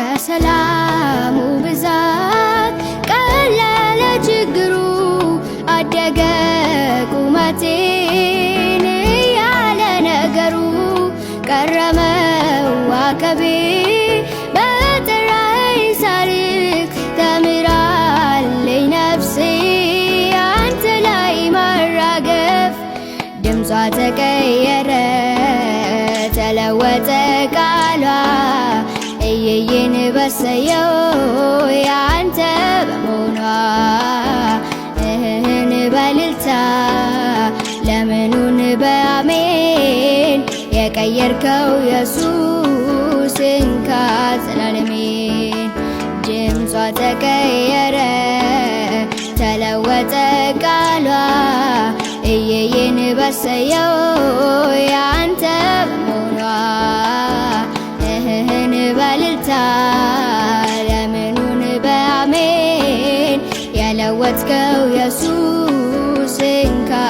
ከሰላሙ ብዛት ቀለለ ችግሩ አደገ ቁመቴን ያለ ነገሩ ቀረመው ዋከቤ በጥራይ ሳሪክ ተምራለኝ ነፍሴ አንተ ላይ ማራገፍ ድምጿ ተቀየረ ተለወጠ በሰየው ያንተ በመሆኗ እህን በልልታ ለምኑን በአሜን የቀየርከው ኢየሱስን ካዘላለሜን ድምጿ ተቀየረ ተለወጠ ቃሏ እየየን በሰየው ስምህን በልልታ ለምኑን በአሜን የለወጥከው የሱስ እንካ